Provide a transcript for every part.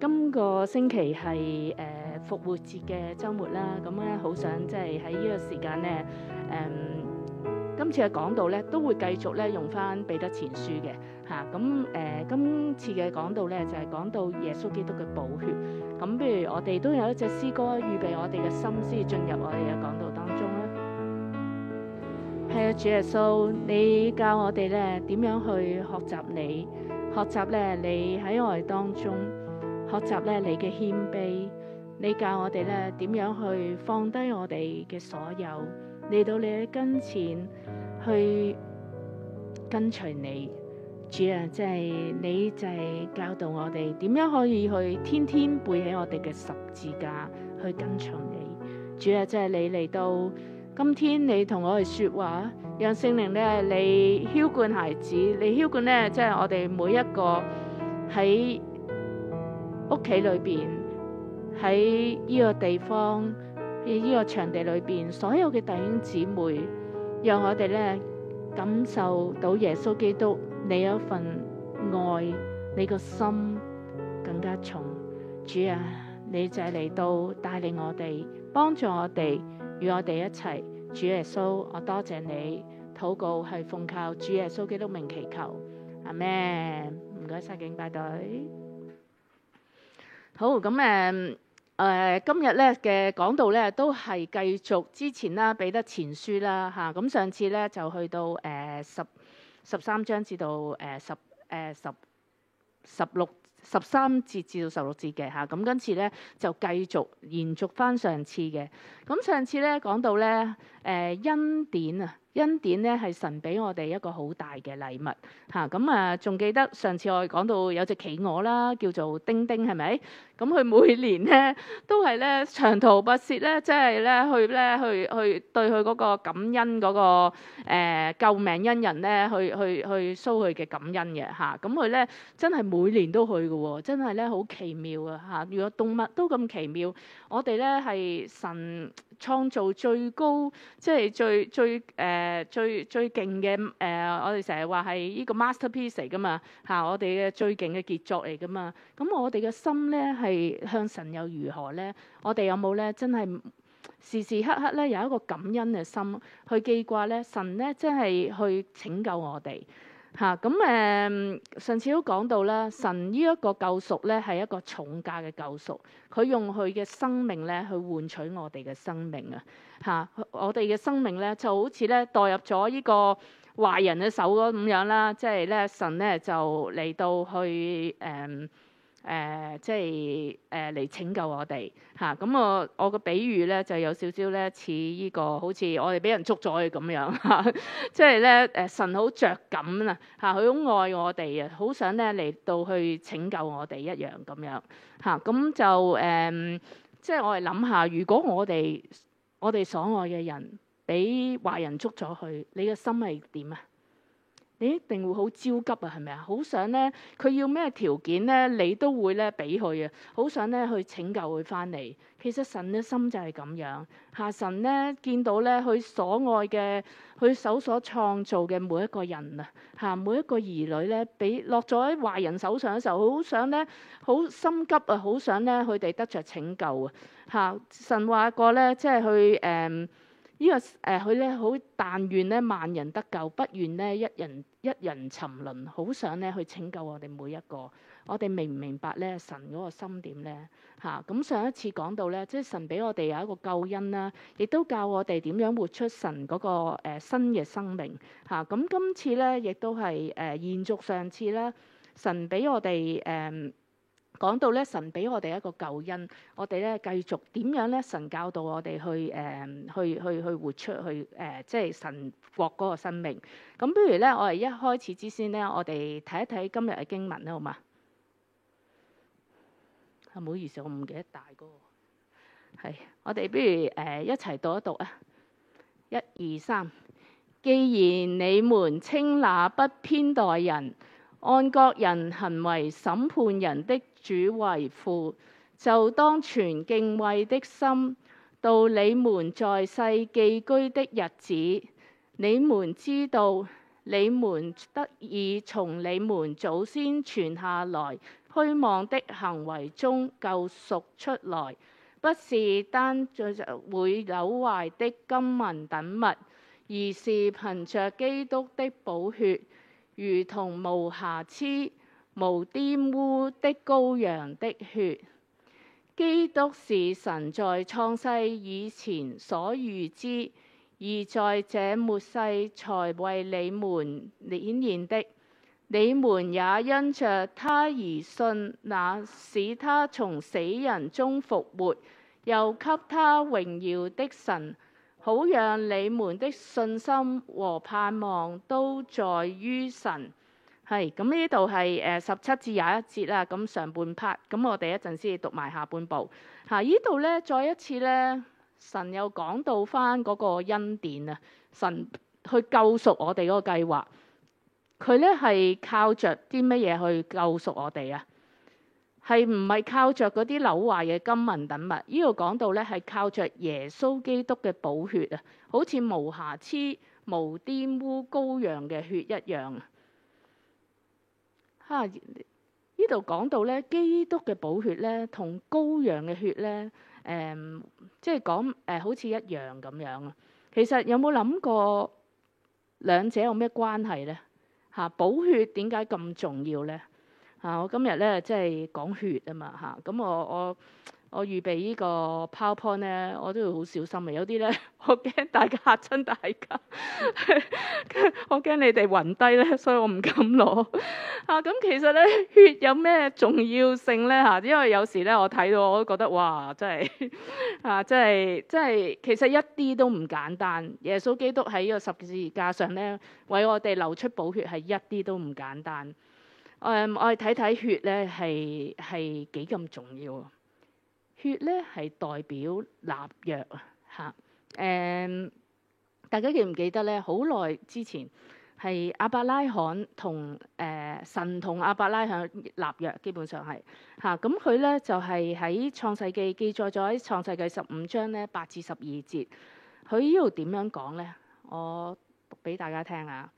今個星期係誒復活節嘅週末啦，咁咧好想即係喺呢個時間咧，誒今次嘅講道咧都會繼續咧用翻彼得前書嘅嚇咁誒。今次嘅講道咧就係講到耶穌基督嘅寶血咁，譬如我哋都有一隻詩歌預備我哋嘅心思進入我哋嘅講道當中啦。係啊，主耶穌，你教我哋咧點樣去學習你，學習咧你喺我哋當中。學習咧，你嘅謙卑，你教我哋咧點樣去放低我哋嘅所有，嚟到你嘅跟前去跟隨你，主啊！即係你就係教導我哋點樣可以去天天背起我哋嘅十字架去跟隨你，主啊！即係你嚟到今天，你同我哋說話，讓聖靈咧，你轟灌孩子，你轟灌咧，即係我哋每一個喺屋企裏邊喺呢個地方，呢個場地裏邊，所有嘅弟兄姊妹，讓我哋咧感受到耶穌基督你有一份愛，你個心更加重。主啊，你就嚟到帶領我哋，幫助我哋與我哋一齊。主耶穌，我多謝你。禱告係奉靠主耶穌基督名祈求，阿門。唔該晒，敬拜隊。好，咁誒誒，今日咧嘅講道咧都係繼續之前啦，彼得前書啦嚇。咁、啊、上次咧就去到誒、呃、十十三章至到誒、呃、十誒十、呃、十六十三節至到十六節嘅嚇。咁、啊、今次咧就繼續延續翻上次嘅。咁、啊、上次咧講到咧誒恩典啊。恩典咧係神俾我哋一個好大嘅禮物嚇，咁啊，仲記得上次我哋講到有隻企鵝啦，叫做丁丁係咪？咁佢每年咧都係咧長途跋涉咧，即係咧去咧去去對佢嗰個感恩嗰個誒救命恩人咧，去去去 show 佢嘅感恩嘅嚇。咁佢咧真係每年都去嘅喎，真係咧好奇妙啊嚇！如果動物都咁奇妙，我哋咧係神。創造最高，即係最最誒、呃、最最勁嘅誒、呃，我哋成日話係呢個 masterpiece 嚟噶嘛嚇，我哋嘅最勁嘅傑作嚟噶嘛。咁我哋嘅心咧係向神又如何咧？我哋有冇咧真係時時刻刻咧有一個感恩嘅心去記掛咧？神咧真係去拯救我哋。嚇咁誒，上次都講到咧，神呢一個救贖咧係一個重價嘅救贖，佢用佢嘅生命咧去換取我哋嘅生命啊！嚇，我哋嘅生命咧就好似咧代入咗呢個壞人嘅手嗰咁樣啦，即係咧神咧就嚟到去誒。嗯誒、呃、即係誒嚟拯救我哋嚇，咁、啊、我我個比喻咧就有少少咧似呢個好似我哋俾人捉咗去咁樣嚇、啊，即係咧誒神好着緊啊嚇，佢好愛我哋啊，好想咧嚟到去拯救我哋一樣咁樣嚇，咁、啊、就誒、呃、即係我哋諗下，如果我哋我哋所愛嘅人俾壞人捉咗去，你嘅心係點啊？你一定會好焦急啊，係咪啊？好想咧，佢要咩條件咧，你都會咧俾佢啊！好想咧去拯救佢翻嚟。其實神嘅心就係咁樣。嚇、啊，神咧見到咧，佢所愛嘅，佢手所創造嘅每一個人啊，嚇，每一個兒女咧，俾落咗喺壞人手上嘅時候，好想咧，好心急啊，好想咧佢哋得着拯救啊！嚇，神話過咧，即係去誒。嗯這個呃、呢個誒佢咧好，但願咧萬人得救，不願咧一人一人沉淪，好想咧去拯救我哋每一個。我哋明唔明白咧神嗰個心點咧嚇？咁、啊、上一次講到咧，即係神俾我哋有一個救恩啦，亦都教我哋點樣活出神嗰、那個、呃、新嘅生命嚇。咁、啊、今次咧亦都係誒、呃、延續上次啦，神俾我哋誒。呃講到咧，神俾我哋一個救恩，我哋咧繼續點樣咧？神教導我哋去誒、呃，去去去活出去誒、呃，即係神國嗰個生命。咁不如咧，我哋一開始之先咧，我哋睇一睇今日嘅經文啦，好嘛？唔好意思，我唔記得大個，係我哋不如誒、呃、一齊讀一讀啊！一二三，既然你們稱那不偏待人，按各人行為審判人的主為父，就當存敬畏的心，到你們在世寄居的日子。你們知道，你們得以從你們祖先傳下來虛妄的行為中救贖出來，不是單會朽壞的金銀等物，而是憑着基督的寶血。如同無瑕疵、無玷污的羔羊的血。基督是神在創世以前所預知，而在這末世才為你們顯現的。你們也因着他而信，那使他從死人中復活、又給他榮耀的神。好，讓你們的信心和盼望都在於神。係，咁呢度係誒十七至廿一節啦。咁上半 part，咁我哋一陣先讀埋下半部。嚇、啊，呢度咧再一次咧，神又講到翻嗰個恩典啊！神去救贖我哋嗰個計劃，佢咧係靠着啲乜嘢去救贖我哋啊？係唔係靠着嗰啲朽壞嘅金銀等物？呢度講到咧係靠着耶穌基督嘅寶血啊，好似無瑕疵，無玷污羔羊嘅血一樣啊！哈，呢度講到咧基督嘅寶血咧同羔羊嘅血咧，誒，即係講誒好似一樣咁樣啊。其實有冇諗過兩者有咩關係咧？吓，寶血點解咁重要咧？嚇、啊！我今日咧，即係講血嘛啊嘛嚇，咁、啊、我我我預備個呢個 PowerPoint 咧，我都會好小心嘅、啊。有啲咧，我驚大家嚇親大家， 我驚你哋暈低咧，所以我唔敢攞、啊。嚇、啊！咁其實咧，血有咩重要性咧嚇、啊？因為有時咧，我睇到我都覺得哇，真係啊，真係真係，其實一啲都唔簡單。耶穌基督喺呢個十字架上咧，為我哋流出寶血，係一啲都唔簡單。誒、嗯，我哋睇睇血咧，係係幾咁重要？血咧係代表立約啊，嚇！誒、嗯，大家記唔記得咧？好耐之前係亞伯拉罕同誒、呃、神同亞伯拉罕立約，基本上係嚇。咁佢咧就係、是、喺創世記記載咗喺創世記十五章咧八至十二節，佢呢度點樣講咧？我讀俾大家聽下。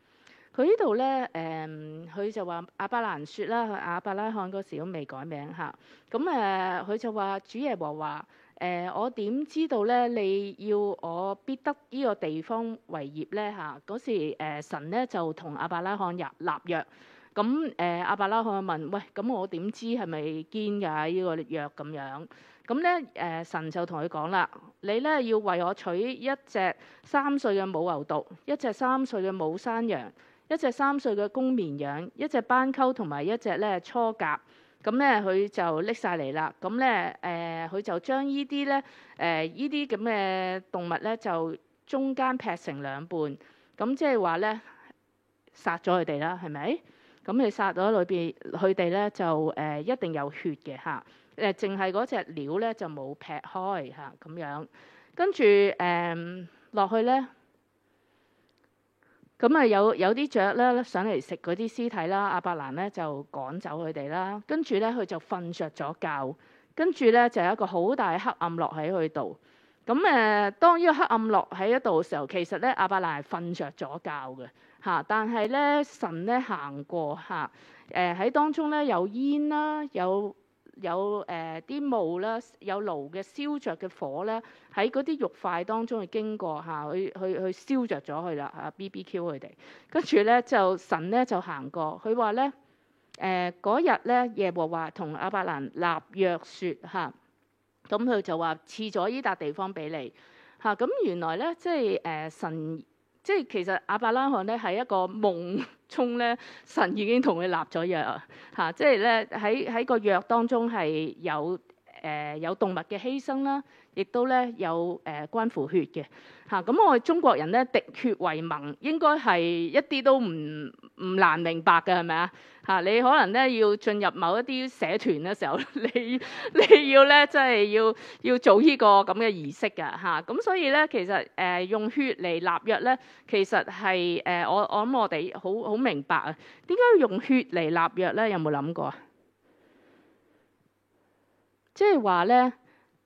佢呢度咧，誒、嗯，佢就話亞伯蘭説啦，亞伯拉罕嗰時都未改名嚇。咁誒，佢、嗯、就話主耶和華誒、呃，我點知道咧？你要我必得呢個地方為業咧嚇。嗰時、呃、神咧就同亞伯拉罕立立約。咁、嗯、誒，亞、呃、伯拉罕問，喂，咁我點知係咪堅㗎？呢、這個約咁樣？咁咧誒，神就同佢講啦，你咧要為我取一隻三歲嘅母牛犢，一隻三歲嘅母山羊。一隻三歲嘅公綿羊，一隻斑鳩同埋一隻咧雛鴿，咁咧佢就拎晒嚟啦。咁咧誒，佢、呃、就將依啲咧誒依啲咁嘅動物咧，就中間劈成兩半。咁即係話咧殺咗佢哋啦，係咪？咁你殺咗裏邊佢哋咧就誒、呃、一定有血嘅吓，誒淨係嗰隻隻鳥咧就冇劈開吓，咁、啊、樣。跟住誒落去咧。咁啊、嗯、有有啲雀咧上嚟食嗰啲屍體啦，阿伯蘭咧就趕走佢哋啦。跟住咧佢就瞓着咗覺，跟住咧就有一個好大的黑暗落喺佢度。咁、嗯、誒，當呢個黑暗落喺一度嘅時候，其實咧阿伯蘭係瞓着咗覺嘅、啊、但係咧神咧行過喺、啊呃、當中咧有煙啦有。有誒啲霧啦，有爐嘅燒着嘅火咧，喺嗰啲肉塊當中去經過嚇，啊、了去去去燒着咗佢啦嚇 B B Q 佢哋，跟住咧就神咧就行過，佢話咧誒嗰日咧耶和華同亞伯蘭立約説嚇，咁、啊、佢、嗯、就話賜咗依笪地方俾你嚇，咁、啊嗯、原來咧即係誒、呃、神。即係其實亞伯拉罕咧喺一個夢中，神已經同佢立咗約，嚇、啊！即係咧喺個約當中係有誒、呃、有動物嘅犧牲啦。亦都咧有誒、呃、關乎血嘅嚇，咁、啊、我哋中國人咧滴血為盟，應該係一啲都唔唔難明白嘅係咪啊嚇？你可能咧要進入某一啲社團嘅時候，你你要咧真係要要做呢個咁嘅儀式嘅嚇，咁、啊、所以咧其實誒用血嚟立約咧，其實係誒、呃呃、我我諗我哋好好明白啊，點解要用血嚟立約咧？有冇諗過啊？即係話咧。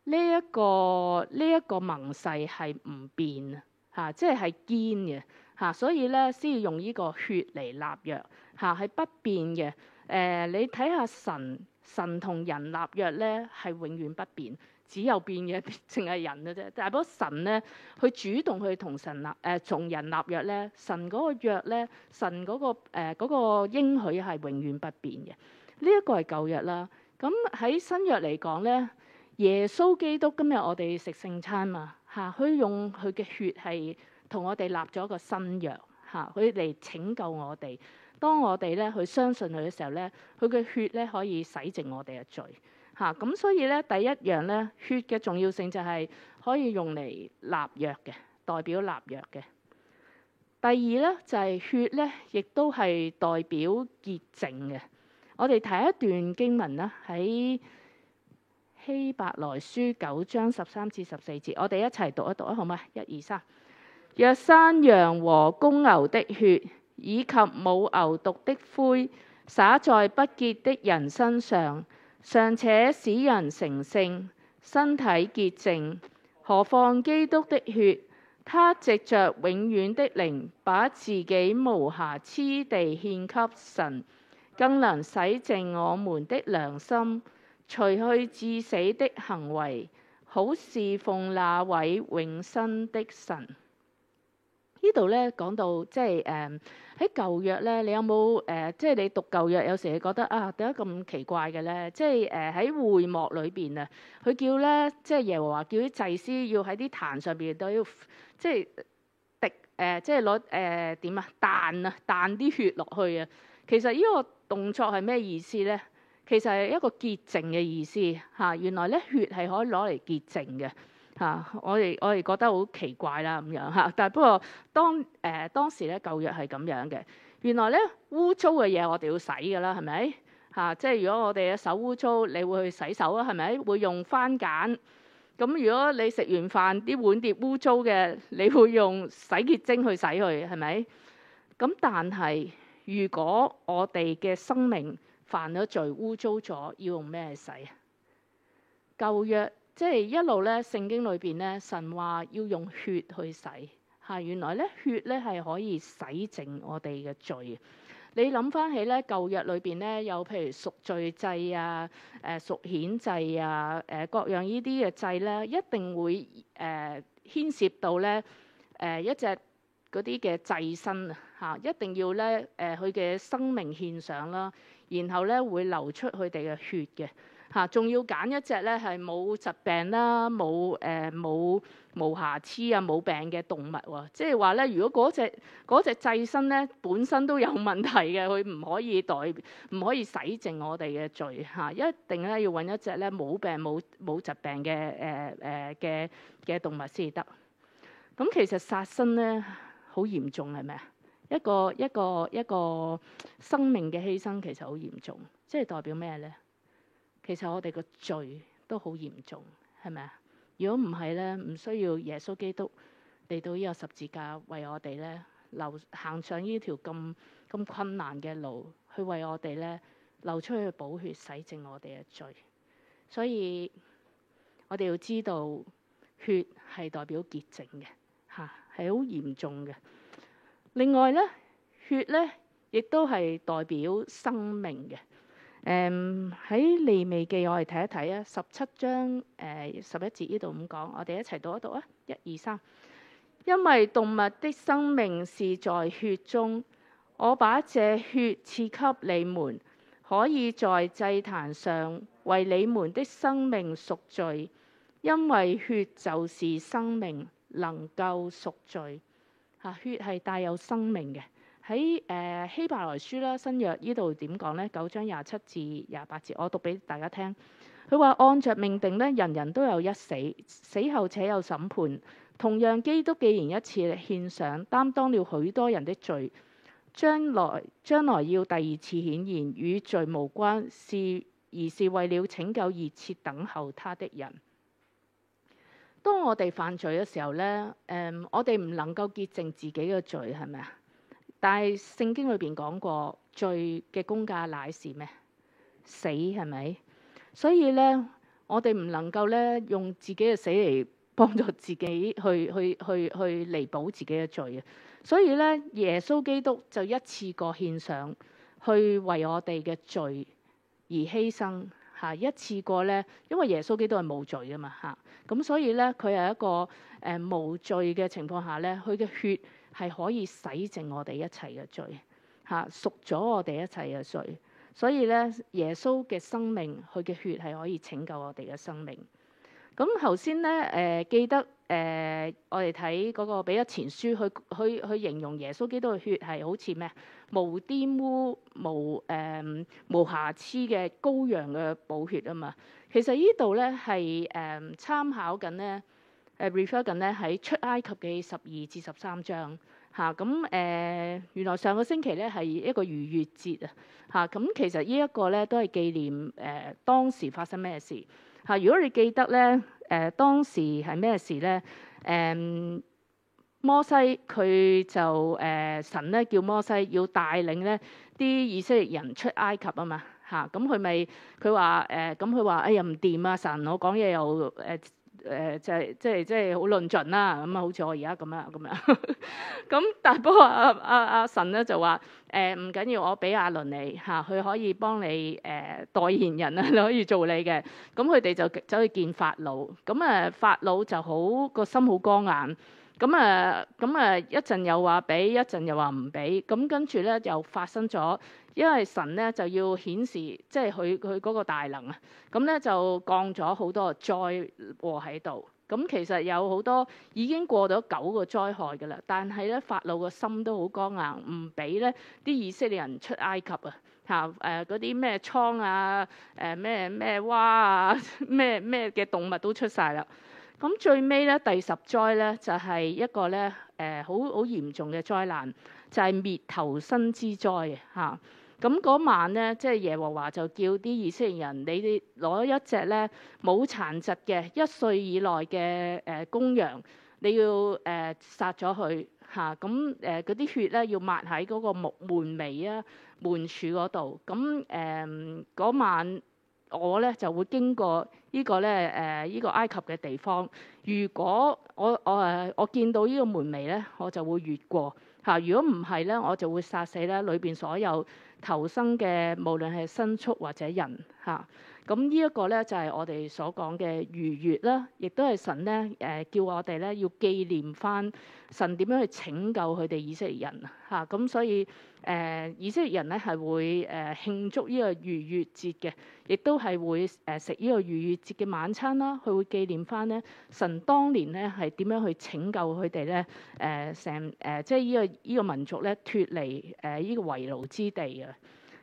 呢一個呢一個盟誓係唔變啊，即係係堅嘅嚇，所以咧先要用呢個血嚟立約嚇，係不變嘅。誒，你睇下神神同人立約咧，係永遠不變，只有變嘅淨係人嘅啫。但係如果神咧，佢主動去同神立誒同人立約咧，神嗰個約咧，神嗰個誒嗰個應許係永遠不變嘅。呢一個係舊約啦。咁喺新約嚟講咧。耶穌基督今日我哋食聖餐嘛嚇，佢、啊、用佢嘅血係同我哋立咗一個新約嚇，佢、啊、嚟拯救我哋。當我哋咧去相信佢嘅時候咧，佢嘅血咧可以洗淨我哋嘅罪嚇。咁、啊、所以咧第一樣咧血嘅重要性就係可以用嚟立約嘅，代表立約嘅。第二咧就係、是、血咧，亦都係代表潔淨嘅。我哋睇一段經文啦，喺。希伯來書九章十三至十四節，我哋一齊讀一讀啊，好嘛？一二三，若山羊和公牛的血以及母牛犢的灰撒在不潔的人身上，尚且使人成聖、身體潔淨，何況基督的血？他藉着永遠的靈，把自己無瑕疵地獻給神，更能洗淨我們的良心。除去致死的行為，好侍奉那位永生的神。呢度咧講到即係誒，喺舊約咧，你有冇誒、呃、即係你讀舊約有時你覺得啊，點解咁奇怪嘅咧？即係誒喺會幕裏邊啊，佢叫咧即係耶和華叫啲祭司要喺啲壇上邊都要即係滴誒、呃、即係攞誒點啊彈啊彈啲血落去啊。其實呢個動作係咩意思咧？其實係一個潔淨嘅意思嚇、啊，原來咧血係可以攞嚟潔淨嘅嚇，我哋我哋覺得好奇怪啦咁樣嚇，但不過當誒、呃、當時咧舊約係咁樣嘅，原來咧污糟嘅嘢我哋要洗㗎啦，係咪嚇？即係如果我哋嘅手污糟，你會去洗手啊？係咪？會用番梘。咁如果你食完飯啲碗碟污糟嘅，你會用洗潔精去洗佢，係咪？咁但係如果我哋嘅生命犯咗罪污糟咗，要用咩洗啊？舊約即係一路咧，聖經裏邊咧，神話要用血去洗嚇、啊。原來咧，血咧係可以洗淨我哋嘅罪。你諗翻起咧，舊約裏邊咧，有譬如贖罪祭啊、誒贖愆祭啊、誒、啊啊、各樣呢啲嘅祭咧，一定會誒牽、啊、涉到咧誒、啊、一隻嗰啲嘅祭身嚇、啊，一定要咧誒佢嘅生命獻上啦。啊。然後咧會流出佢哋嘅血嘅嚇，仲、啊、要揀一隻咧係冇疾病啦、冇誒冇冇瑕疵啊、冇病嘅動物。即係話咧，如果嗰隻嗰隻祭牲咧本身都有問題嘅，佢唔可以代唔可以洗淨我哋嘅罪嚇、啊，一定咧要揾一隻咧冇病冇冇疾病嘅誒誒嘅嘅動物先至得。咁其實殺生咧好嚴重係咩？啊？一個一個一個生命嘅犧牲其實好嚴重，即係代表咩呢？其實我哋個罪都好嚴重，係咪啊？如果唔係呢，唔需要耶穌基督嚟到呢個十字架為我哋呢流行上呢條咁咁困難嘅路，去為我哋呢流出去寶血洗淨我哋嘅罪。所以，我哋要知道血係代表潔淨嘅，嚇係好嚴重嘅。另外呢，血呢亦都係代表生命嘅。喺、嗯、利未記我哋睇一睇啊，十七章誒、呃、十一節呢度咁講，我哋一齊讀一讀啊，一二三。因為動物的生命是在血中，我把這血賜給你們，可以在祭壇上為你們的生命贖罪。因為血就是生命，能夠贖罪。血係帶有生命嘅，喺誒希伯來書啦，新約呢度點講呢？九章廿七至廿八節，我讀俾大家聽。佢話按着命定咧，人人都有一死，死後且有審判。同樣，基督既然一次獻上，擔當了許多人的罪，將來將來要第二次顯現，與罪無關，是而是為了拯救熱切等候他的人。當我哋犯罪嘅時候咧，誒、嗯，我哋唔能夠潔淨自己嘅罪係咪啊？但係聖經裏邊講過，罪嘅工價乃是咩？死係咪？所以咧，我哋唔能夠咧用自己嘅死嚟幫助自己去去去去彌補自己嘅罪啊！所以咧，耶穌基督就一次過獻上去為我哋嘅罪而犧牲。啊、一次過咧，因為耶穌基督係無罪㗎嘛，嚇、啊、咁所以咧，佢係一個誒、呃、無罪嘅情況下咧，佢嘅血係可以洗淨我哋一切嘅罪，嚇、贖咗我哋一切嘅罪。所以咧，耶穌嘅生命，佢嘅血係可以拯救我哋嘅生命。咁頭先咧，誒、呃、記得。誒，我哋睇嗰個彼得前書去去去形容耶穌基督嘅血係好似咩？無玷污、無誒、um, 無瑕疵嘅羔羊嘅寶血啊嘛。其實呢度咧係誒參考緊咧誒 refer 緊咧喺出埃及嘅十二至十三章嚇咁誒。原來上個星期咧係一個逾越節啊嚇咁，其實呢一個咧都係紀念誒、啊、當時發生咩事嚇、啊。如果你記得咧。誒、呃、當時係咩事咧？誒、嗯、摩西佢就誒、呃、神咧叫摩西要帶領咧啲以色列人出埃及嘛啊嘛嚇，咁佢咪佢話誒，咁佢話哎呀唔掂啊！神我講嘢又誒。呃誒就係即係即係好論盡啦，啊，咁、嗯、啊好似我而家咁樣咁樣。咁 但不過阿阿阿神咧就話誒唔緊要，我俾阿倫你嚇，佢、啊、可以幫你誒、呃、代言人你可以做你嘅。咁佢哋就走去見法老。咁、嗯、啊法老就好個心好剛硬。咁啊，咁啊、嗯，一、嗯、陣又話俾，一陣又話唔俾，咁跟住咧又發生咗，因為神咧就要顯示，即係佢佢嗰個大能啊，咁、嗯、咧就降咗好多災禍喺度。咁、嗯、其實有好多已經過咗九個災害噶啦，但係咧法老個心都好剛硬，唔俾咧啲以色列人出埃及啊，嚇誒嗰啲咩蒼啊，誒咩咩蛙啊，咩咩嘅動物都出晒啦。咁最尾咧第十災咧就係、是、一個咧誒好好嚴重嘅災難，就係、是、滅頭生之災嚇。咁、啊、嗰、那個、晚咧，即係耶和華就叫啲以色列人，你哋攞一隻咧冇殘疾嘅一歲以內嘅誒、呃、公羊，你要誒、呃、殺咗佢嚇。咁誒嗰啲血咧要抹喺嗰個木門楣啊、門柱嗰度。咁誒嗰晚我咧就會經過。個呢個咧，誒，呢個埃及嘅地方，如果我我誒我見到呢個門楣咧，我就會越過嚇；如果唔係咧，我就會殺死咧裏邊所有頭生嘅，無論係牲畜或者人嚇。咁呢一個咧就係、是、我哋所講嘅逾越」啦，亦都係神咧誒、呃、叫我哋咧要紀念翻神點樣去拯救佢哋以色列人嚇。咁、啊、所以誒、呃、以色列人咧係會誒、呃、慶祝呢個逾越節嘅，亦都係會誒食呢個逾越節嘅晚餐啦。佢會紀念翻咧神當年咧係點樣去拯救佢哋咧，誒成誒即係呢、這個呢、這個民族咧脫離誒呢、呃這個為奴之地啊！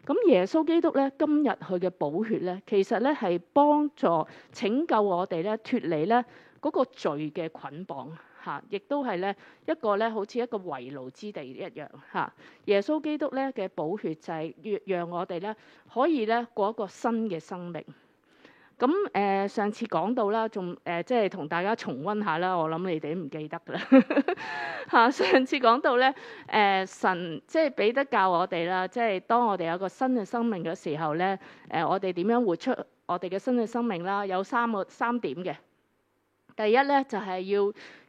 咁耶穌基督咧，今日佢嘅寶血咧，其實咧係幫助拯救我哋咧脱離咧嗰個罪嘅捆綁嚇，亦都係咧一個咧好似一個為奴之地一樣嚇。耶穌基督咧嘅寶血就係要讓我哋咧可以咧過一個新嘅生命。咁誒、呃、上次講到啦，仲誒、呃、即係同大家重溫下啦。我諗你哋唔記得啦嚇、 啊。上次講到咧，誒、呃、神即係彼得教我哋啦，即係當我哋有個新嘅生命嘅時候咧，誒、呃、我哋點樣活出我哋嘅新嘅生命啦？有三個三點嘅。第一咧就係、是、要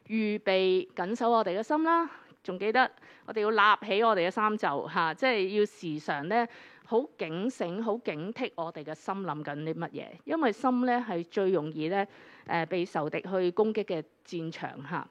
預備緊守我哋嘅心啦，仲記得我哋要立起我哋嘅衫袖嚇、啊，即係要時常咧。好警醒，好警惕，我哋嘅心諗緊啲乜嘢？因為心咧係最容易咧誒、呃，被仇敵去攻擊嘅戰場吓。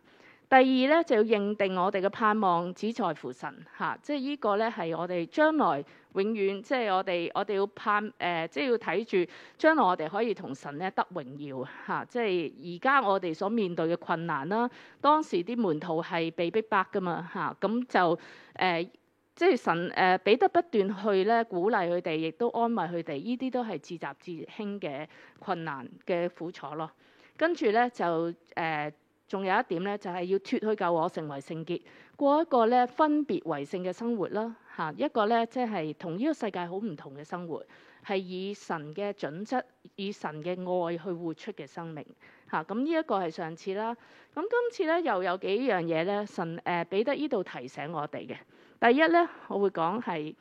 第二咧就要認定我哋嘅盼望只在乎神吓，即係呢個咧係我哋將來永遠，即係我哋我哋要盼誒、呃，即係要睇住將來我哋可以同神咧得榮耀吓，即係而家我哋所面對嘅困難啦，當時啲門徒係被逼迫噶嘛吓，咁就誒。呃即係神誒彼得不斷去咧鼓勵佢哋，亦都安慰佢哋，呢啲都係自責自輕嘅困難嘅苦楚咯。跟住咧就誒仲、呃、有一點咧，就係、是、要脫去舊我，成為聖潔，過一個咧分別為聖嘅生活啦。吓一個咧即係同呢個世界好唔同嘅生活，係以神嘅準則，以神嘅愛去活出嘅生命。吓咁呢一個係上次啦，咁今次咧又有幾樣嘢咧神誒彼得呢度提醒我哋嘅。第一咧，我會講係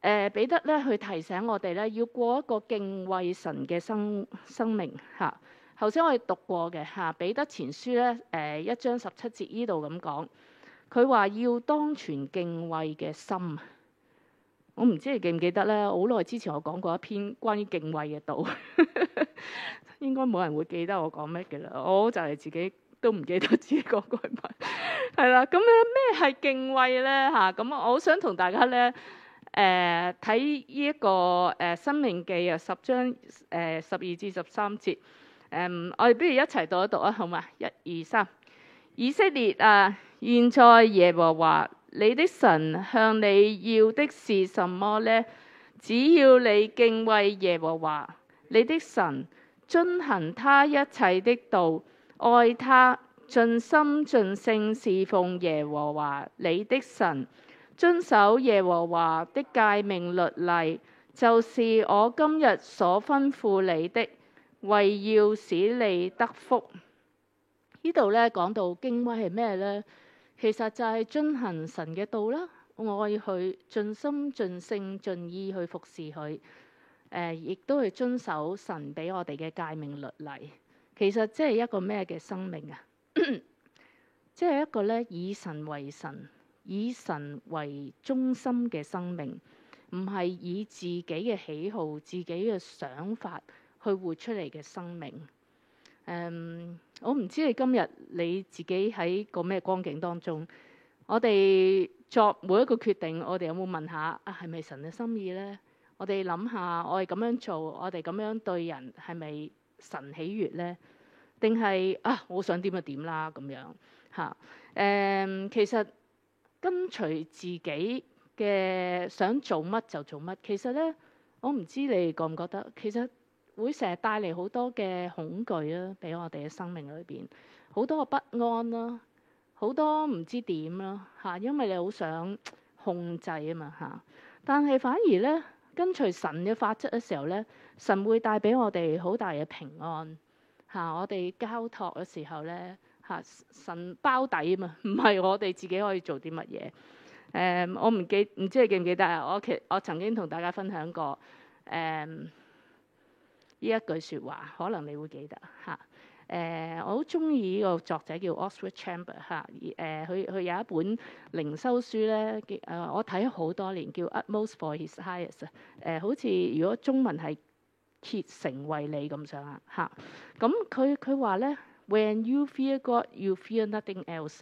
誒彼得咧，去提醒我哋咧，要過一個敬畏神嘅生生命嚇。啊、頭先我哋讀過嘅嚇，啊、彼得前書咧、誒、呃、一章十七節依度咁講，佢話要當存敬畏嘅心。我唔知你記唔記得咧，好耐之前我講過一篇關於敬畏嘅道， 應該冇人會記得我講咩嘅啦。我就係自己都唔記得自己講過乜。係啦，咁咧咩係敬畏咧？嚇，咁我好想同大家咧，誒睇呢一個誒《申命記》啊，嗯呃這個呃、十章誒、呃、十二至十三節，誒、嗯、我哋不如一齊讀一讀啊，好嘛？一二三，以色列啊，現在耶和華你的神向你要的是什麼咧？只要你敬畏耶和華你的神，遵行他一切的道，愛他。盡心盡性侍奉耶和華你的神，遵守耶和華的誡命律例，就是我今日所吩咐你的，為要使你得福。呢度咧講到敬畏係咩呢？其實就係遵行神嘅道啦，我愛佢，盡心盡性盡意去服侍佢。亦、呃、都去遵守神俾我哋嘅誡命律例。其實即係一個咩嘅生命啊？ 即係一個咧以神為神、以神為中心嘅生命，唔係以自己嘅喜好、自己嘅想法去活出嚟嘅生命。嗯，我唔知你今日你自己喺個咩光景當中。我哋作每一個決定，我哋有冇問下啊，係咪神嘅心意呢？我哋諗下，我哋咁樣做，我哋咁樣對人，係咪神喜悦呢？定係啊，我想點就點啦咁樣嚇。誒、嗯，其實跟隨自己嘅想做乜就做乜。其實咧，我唔知你覺唔覺得，其實會成日帶嚟好多嘅恐懼啊，俾我哋嘅生命裏邊好多嘅不安啦，好多唔知點啦嚇。因為你好想控制啊嘛嚇，但係反而咧跟隨神嘅法則嘅時候咧，神會帶俾我哋好大嘅平安。吓、啊、我哋交託嘅時候咧，吓、啊、神包底啊嘛，唔係我哋自己可以做啲乜嘢。誒、嗯、我唔記唔知你記唔記得啊？我其我曾經同大家分享過誒呢、嗯、一句說話可能你會記得吓誒、啊啊、我好中意呢個作者叫 Oswald Chamber 吓誒佢佢有一本靈修書咧，誒、啊、我睇好多年，叫 Utmost for His Highest。誒、啊，好似如果中文係。切成為你咁上啦嚇，咁佢佢話咧，When you fear God, you fear nothing else。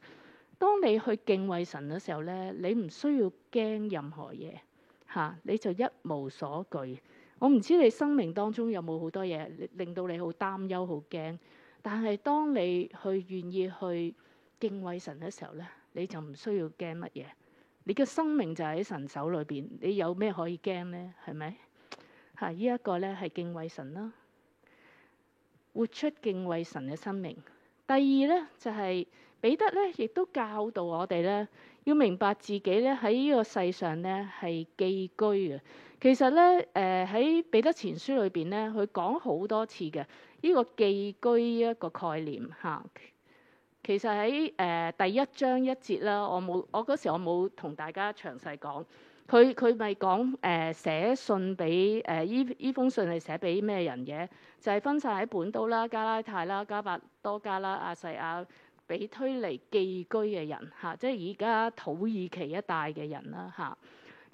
當你去敬畏神嘅時候咧，你唔需要驚任何嘢嚇，你就一無所懼。我唔知你生命當中有冇好多嘢令到你好擔憂、好驚，但係當你去願意去敬畏神嘅時候咧，你就唔需要驚乜嘢。你嘅生命就喺神手裏邊，你有咩可以驚呢？係咪？啊！呢一個咧係敬畏神啦，活出敬畏神嘅生命。第二咧就係彼得咧，亦都教導我哋咧，要明白自己咧喺呢個世上咧係寄居嘅。其實咧誒喺彼得前書裏邊咧，佢講好多次嘅呢、呢個寄居一個概念嚇、啊。其實喺誒、呃、第一章一節啦，我冇我嗰時我冇同大家詳細講。佢佢咪講誒寫信俾誒呢呢封信係寫俾咩人嘅？就係、是、分散喺本都啦、加拉太啦、加伯多加啦、亞細亞俾推離寄居嘅人嚇、啊，即係而家土耳其一帶嘅人啦嚇。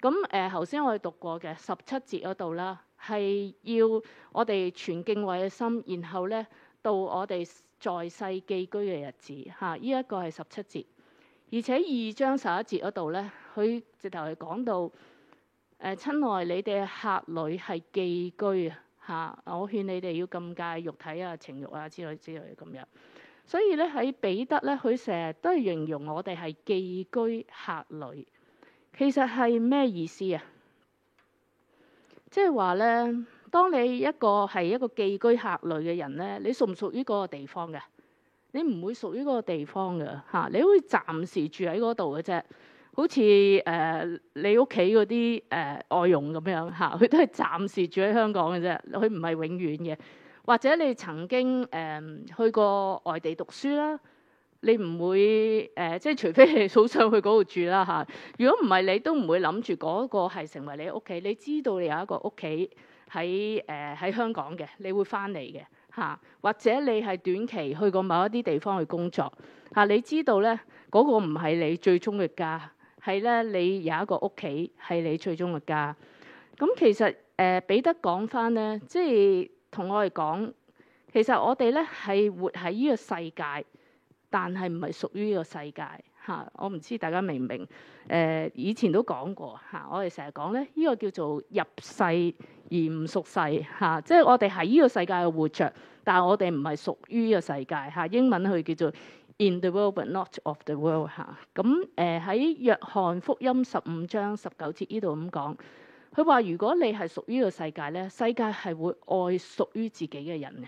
咁、啊、誒，頭、啊、先、啊、我哋讀過嘅十七節嗰度啦，係要我哋存敬畏嘅心，然後咧到我哋在世寄居嘅日子嚇。呢、啊、一、這個係十七節，而且二章十一節嗰度咧。佢直頭係講到誒、呃，親愛你哋客旅係寄居啊！嚇，我勸你哋要禁戒肉體啊、情慾啊之類之類咁樣。所以咧喺彼得咧，佢成日都係形容我哋係寄居客旅。其實係咩意思啊？即係話咧，當你一個係一個寄居客旅嘅人咧，你屬唔屬於嗰個地方嘅？你唔會屬於嗰個地方㗎嚇、啊，你會暫時住喺嗰度嘅啫。好似誒、呃、你屋企嗰啲誒外傭咁樣嚇，佢、啊、都係暫時住喺香港嘅啫，佢唔係永遠嘅。或者你曾經誒、呃、去過外地讀書啦，你唔會誒、呃、即係除非係好想去嗰度住啦嚇。如果唔係，你都唔會諗住嗰個係成為你屋企。你知道你有一個屋企喺誒喺香港嘅，你會翻嚟嘅嚇。或者你係短期去過某一啲地方去工作嚇、啊，你知道咧嗰、那個唔係你最終嘅家。係咧，你有一個屋企係你最終嘅家。咁其實誒彼得講翻咧，即係同我哋講，其實我哋咧係活喺呢個世界，但係唔係屬於呢個世界嚇。我唔知大家明唔明？誒、呃、以前都講過嚇，我哋成日講咧，呢個叫做入世而唔屬世嚇，即係我哋喺呢個世界度活着，但係我哋唔係屬於呢個世界嚇。英文佢叫做。In the world but not of the world，吓、啊，咁誒喺約翰福音十五章十九節呢度咁講，佢話如果你係屬於呢個世界咧，世界係會愛屬於自己嘅人嘅，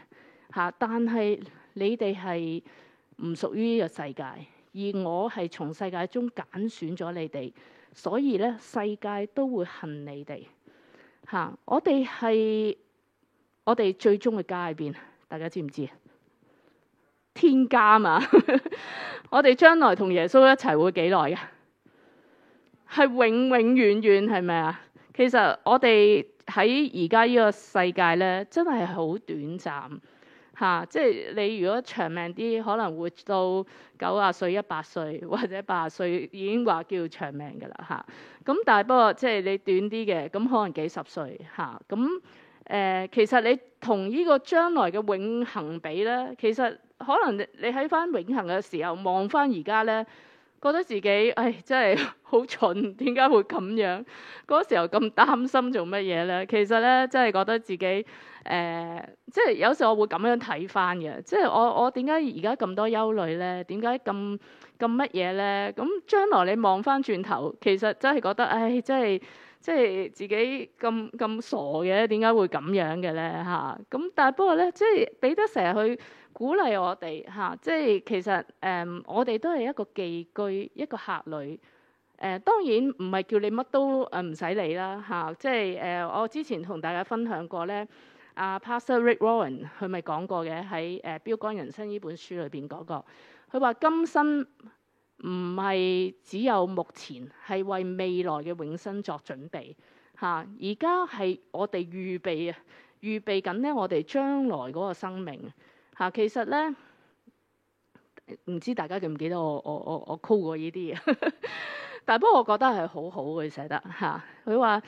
吓、啊，但係你哋係唔屬於呢個世界，而我係從世界中揀選咗你哋，所以咧世界都會恨你哋，吓、啊，我哋係我哋最終嘅家喺邊？大家知唔知？天家嘛， 我哋將來同耶穌一齊會幾耐嘅？係永永遠遠係咪啊？其實我哋喺而家呢個世界咧，真係好短暫吓、啊。即係你如果長命啲，可能活到九啊歲、一百歲或者八啊歲，已經話叫長命㗎啦吓。咁、啊、但係不過即係你短啲嘅，咁可能幾十歲吓。咁、啊、誒、呃，其實你同呢個將來嘅永恆比咧，其實。可能你喺翻永恒嘅時候望翻而家咧，覺得自己誒真係好蠢，點解會咁樣？嗰時候咁擔心做乜嘢咧？其實咧真係覺得自己誒、呃，即係有時我會咁樣睇翻嘅，即係我我點解而家咁多憂慮咧？點解咁咁乜嘢咧？咁將來你望翻轉頭，其實真係覺得誒，真係即係自己咁咁傻嘅，點解會咁樣嘅咧？吓，咁，但係不過咧，即係俾得成日去。鼓勵我哋嚇、啊，即係其實誒、呃，我哋都係一個寄居一個客旅誒、呃。當然唔係叫你乜都唔使理啦嚇。即係誒、呃，我之前同大家分享過咧，阿、啊、Pastor Rick Warren 佢咪講過嘅喺《誒鏑光人生》呢本書裏邊嗰個，佢話今生唔係只有目前係為未來嘅永生作準備嚇，而家係我哋預備啊，預備緊咧，我哋將來嗰個生命。嗱、啊，其實咧，唔知大家記唔記得我我我我 call 過呢啲嘢， 但不過我覺得係好好嘅寫得嚇。佢、啊、話：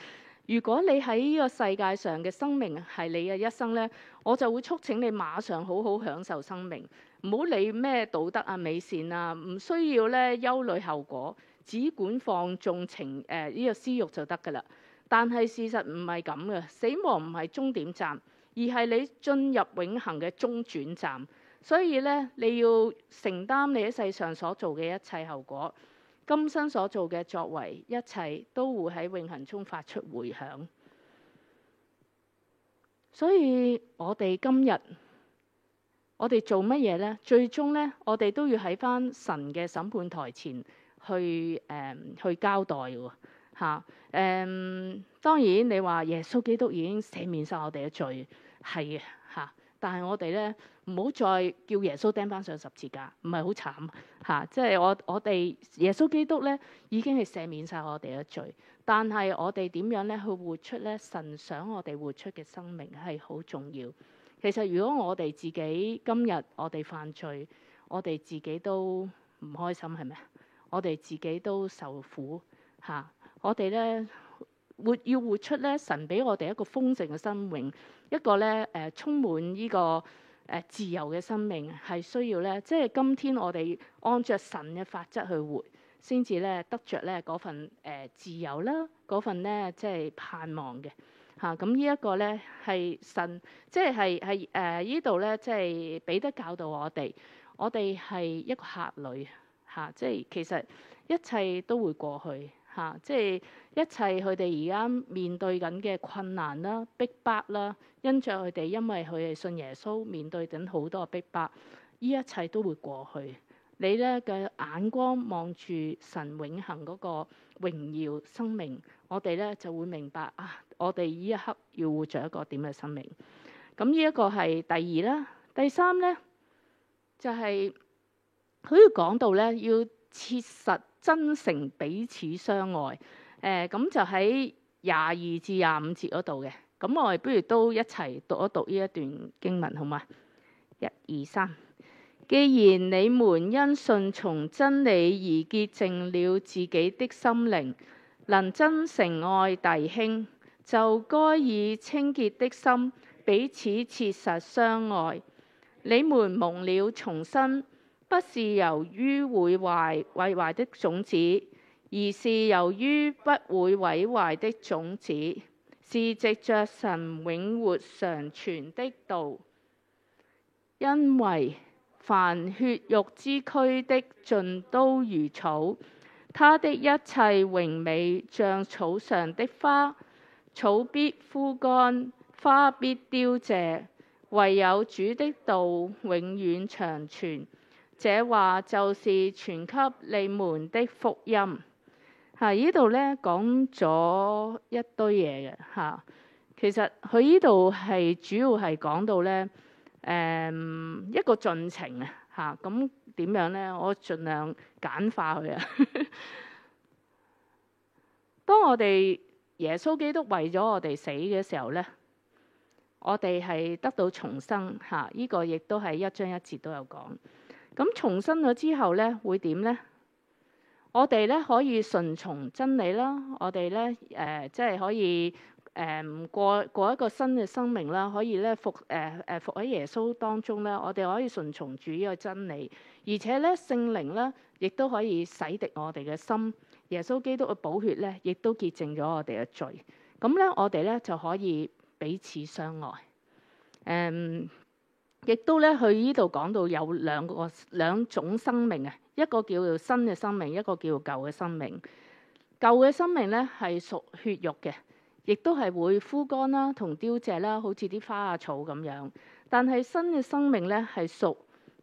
如果你喺呢個世界上嘅生命係你嘅一生咧，我就會促請你馬上好好享受生命，唔好理咩道德啊、美善啊，唔需要咧憂慮後果，只管放縱情誒呢、呃呢個私欲就得㗎啦。但係事實唔係咁嘅，死亡唔係終點站。而係你進入永恆嘅中轉站，所以呢，你要承擔你喺世上所做嘅一切後果，今生所做嘅作為，一切都會喺永恆中發出迴響。所以我哋今日，我哋做乜嘢呢？最終呢，我哋都要喺翻神嘅審判台前去誒、嗯、去交代喎嚇誒。當然你話耶穌基督已經赦免曬我哋嘅罪。係啊，嚇，但係我哋咧，唔好再叫耶穌釘翻上十字架，唔係好慘嚇。即係我我哋耶穌基督咧已經係赦免晒我哋嘅罪，但係我哋點樣咧去活出咧神想我哋活出嘅生命係好重要。其實如果我哋自己今日我哋犯罪，我哋自己都唔開心係咪？我哋自己都受苦嚇、啊。我哋咧。活要活出咧，神俾我哋一個豐盛嘅生命，一個咧誒、呃、充滿呢、這個誒、呃、自由嘅生命，係需要咧，即係今天我哋按着神嘅法則去活，先至咧得着咧嗰份誒、呃、自由啦，嗰份咧即係盼望嘅嚇。咁、啊、呢一個咧係神，即係係係誒依度咧，即係俾得教導我哋，我哋係一個客旅嚇、啊，即係其實一切都會過去。吓、啊，即係一切，佢哋而家面對緊嘅困難啦、逼迫啦，因着佢哋因為佢係信耶穌，面對緊好多嘅逼迫，呢一切都會過去。你咧嘅眼光望住神永恒個榮耀生命，我哋咧就會明白啊！我哋呢一刻要活着一個點嘅生命。咁呢一個係第二啦，第三咧就係、是、佢要講到咧要。切實真誠彼此相愛，誒、呃、咁就喺廿二至廿五節嗰度嘅。咁我哋不如都一齊讀一讀呢一段經文，好嗎？一、二、三。既然你們因順從真理而潔淨了自己的心靈，能真誠愛弟兄，就該以清潔的心彼此切實相愛。你們蒙了重生。不是由於會壞毀壞的種子，而是由於不會毀壞的種子，是藉著神永活常存的道。因為凡血肉之軀的盡都如草，它的一切榮美像草上的花，草必枯乾，花必凋謝，唯有主的道永遠長存。這話就是傳給你們的福音。嚇、啊，呢度咧講咗一堆嘢嘅嚇。其實佢呢度係主要係講到咧誒、嗯、一個進程啊嚇。咁、嗯、點樣咧？我盡量簡化佢啊。 當我哋耶穌基督為咗我哋死嘅時候咧，我哋係得到重生嚇。呢、啊呢個亦都係一章一節都有講。咁重生咗之後咧，會點咧？我哋咧可以順從真理啦，我哋咧誒，即係可以誒、呃、過過一個新嘅生命啦，可以咧服誒誒、呃、服喺耶穌當中咧，我哋可以順從主呢個真理，而且咧聖靈咧亦都可以洗滌我哋嘅心，耶穌基督嘅寶血咧亦都潔淨咗我哋嘅罪，咁咧我哋咧就可以彼此相愛，誒、嗯。亦都咧，佢呢度講到有兩個兩種生命啊，一個叫新嘅生命，一個叫，做一個叫做舊嘅生命。舊嘅生命咧係屬血肉嘅，亦都係會枯乾啦、同凋謝啦，好似啲花啊草咁樣，但係新嘅生命咧係屬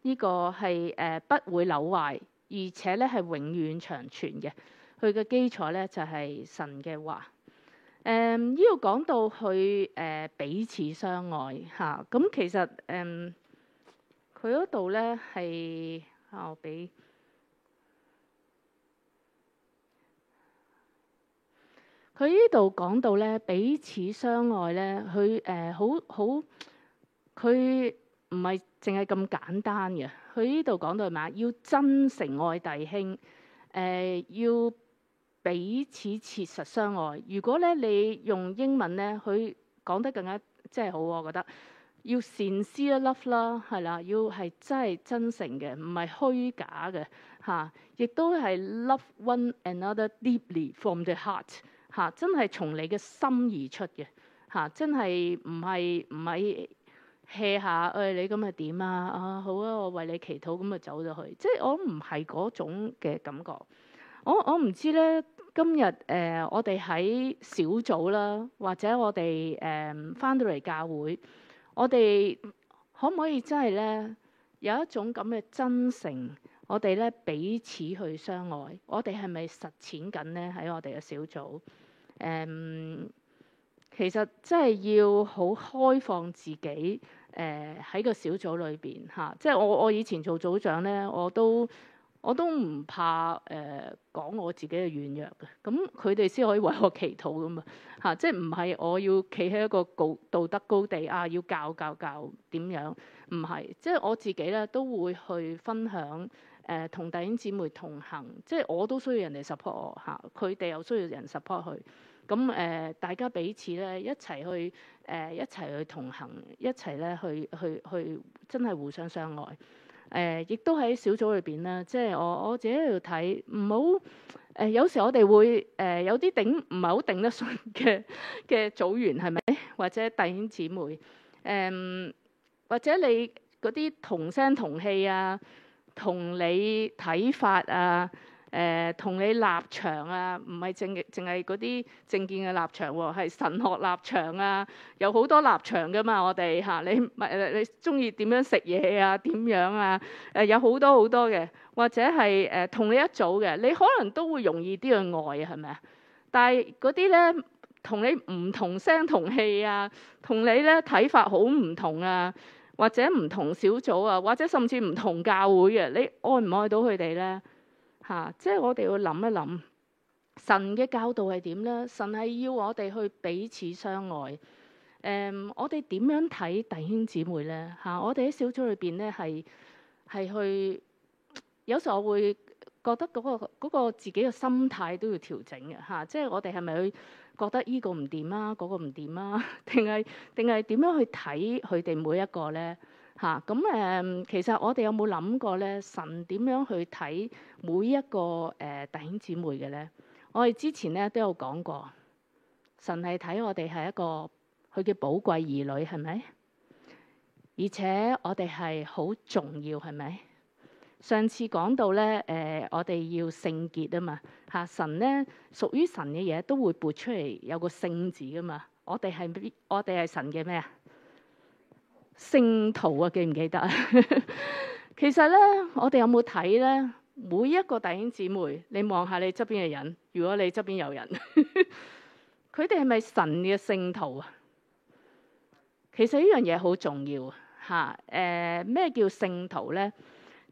呢個係誒、呃、不會朽壞，而且咧係永遠長存嘅。佢嘅基礎咧就係、是、神嘅話。誒，依度講到佢誒彼此相愛嚇，咁其實誒佢嗰度咧係啊，我俾佢依度講到咧彼此相愛咧，佢誒好好佢唔係淨係咁簡單嘅，佢依度講到係咪啊？要真誠愛弟兄誒，要。彼此切實相愛。如果咧你用英文咧，佢講得更加即係好，我覺得要 sincere 啊，love 啦，係啦，要係真係真誠嘅，唔係虛假嘅嚇、啊。亦都係 love one another deeply from the heart 嚇、啊，真係從你嘅心而出嘅嚇、啊，真係唔係唔係 hea 下誒你咁係點啊，啊好啊，我為你祈禱咁，啊走咗去，即係我唔係嗰種嘅感覺。我我唔知咧。今日誒、呃，我哋喺小組啦，或者我哋誒翻到嚟教會，我哋可唔可以真係咧有一種咁嘅真誠？我哋咧彼此去相愛，我哋係咪實踐緊咧喺我哋嘅小組？誒、呃，其實真係要好開放自己誒喺、呃、個小組裏邊嚇，即係我我以前做組長咧，我都。我都唔怕誒、呃、講我自己嘅軟弱嘅，咁佢哋先可以為我祈禱㗎嘛。嚇、啊，即係唔係我要企喺一個道德高地啊，要教教教點樣？唔係，即係我自己咧都會去分享誒，同弟兄姊妹同行，即係我都需要人哋 support 我嚇，佢、啊、哋又需要人 support 佢，咁誒、呃、大家彼此咧一齊去誒、呃、一齊去同行，一齊咧去去去，去真係互相相愛。誒，亦都喺小組裏邊啦，即係我我自己喺度睇，唔好誒，有時我哋會誒有啲頂唔係好頂得順嘅嘅組員，係咪？或者弟兄姊妹誒，或者你嗰啲同聲同氣啊，同你睇法啊。同你立場啊，唔係正，淨係嗰啲政見嘅立場喎、啊，係神學立場啊，有好多立場㗎嘛，我哋嚇你咪你中意點樣食嘢啊，點樣、啊、樣啊，誒有好多好多嘅，或者係誒、啊、同你一組嘅，你可能都會容易啲去愛同同啊，係咪啊？但係嗰啲咧同你唔同聲同氣啊，同你咧睇法好唔同啊，或者唔同小組啊，或者甚至唔同教會嘅，你愛唔愛到佢哋咧？嚇、啊，即係我哋要諗一諗，神嘅教導係點呢？神係要我哋去彼此相愛。誒、嗯，我哋點樣睇弟兄姊妹呢？嚇、啊，我哋喺小組裏邊呢，係係去有時候我會覺得嗰個嗰個自己嘅心態都要調整嘅。嚇、啊，即係我哋係咪去覺得呢個唔掂啊？嗰個唔掂啊？定係定係點樣去睇佢哋每一個呢？嚇、咁誒，其實我哋有冇諗過咧？神點樣去睇每一個誒、呃、弟兄姊妹嘅咧？我哋之前咧都有講過，神係睇我哋係一個佢嘅寶貴兒女，係咪？而且我哋係好重要，係咪？上次講到咧誒、呃，我哋要聖潔啊嘛嚇，神咧，屬於神嘅嘢都會撥出嚟，有個聖字噶嘛。我哋係，我哋係神嘅咩啊？聖徒啊，記唔記得啊？ 其實咧，我哋有冇睇咧？每一個弟兄姊妹，你望下你側邊嘅人，如果你側邊有人，佢哋係咪神嘅聖徒 啊？其實呢樣嘢好重要吓。誒，呃，咩叫聖徒咧？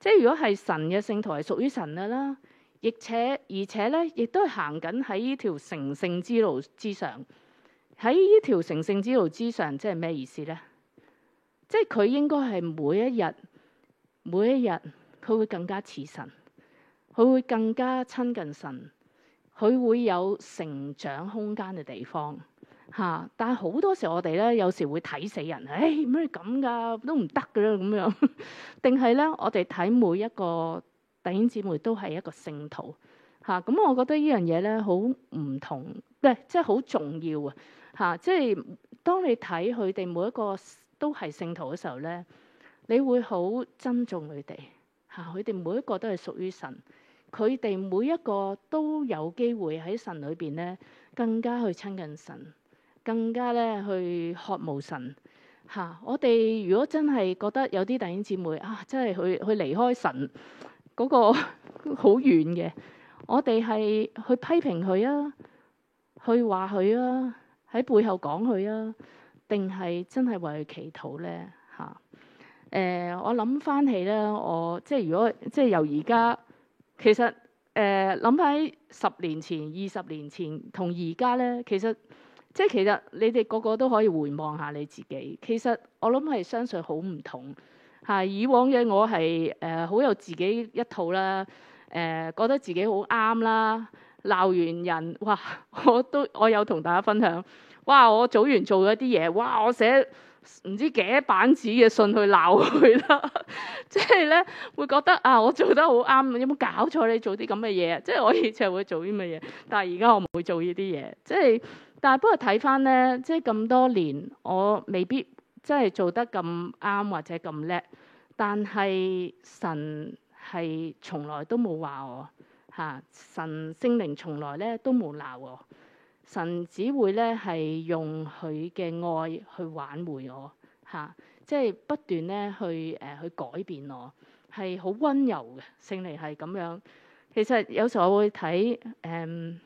即係如果係神嘅聖徒，係屬於神嘅啦，亦且而且咧，亦都係行緊喺呢條成聖之路之上。喺呢條成聖之路之上，即係咩意思咧？即係佢應該係每一日每一日，佢會更加似神，佢會更加親近神，佢會有成長空間嘅地方嚇、啊。但係好多時我哋咧，有時會睇死人，誒，咩咁㗎都唔得㗎啦咁樣，定係咧我哋睇每一個弟兄姊妹都係一個聖徒嚇。咁我覺得呢樣嘢咧好唔同，即係即係好重要啊嚇。即係當你睇佢哋每一個都係聖徒嘅時候呢，你會好尊重佢哋吓，佢哋每一個都係屬於神，佢哋每一個都有機會喺神裏邊呢更加去親近神，更加咧去渴慕神吓。啊，我哋如果真係覺得有啲弟兄姊妹啊，真係去去離開神嗰個好遠嘅，我哋係去批評佢啊，去話佢啊，喺背後講佢啊。定係真係為佢祈禱咧嚇？誒、啊，我諗翻起咧，我即係如果即係由而家，其實誒諗翻十年前、二十年前同而家咧，其實即係其實你哋個個都可以回望下你自己。其實我諗係相信好唔同嚇、啊。以往嘅我係誒好有自己一套啦，誒、呃、覺得自己好啱啦，鬧完人哇，我都我有同大家分享。哇！我組完做咗啲嘢，哇！我寫唔知幾版紙嘅信去鬧佢啦，即係咧會覺得啊，我做得好啱，有冇搞錯你做啲咁嘅嘢？即係我以前會做啲乜嘢，但係而家我唔會做呢啲嘢。即係，但係不過睇翻咧，即係咁多年，我未必真係做得咁啱或者咁叻，但係神係從來都冇話我嚇，啊，神聖靈從來咧都冇鬧我。神只會咧係用佢嘅愛去挽回我嚇、啊，即係不斷咧去誒、呃、去改變我，係好温柔嘅聖靈係咁樣。其實有時候我會睇誒、嗯、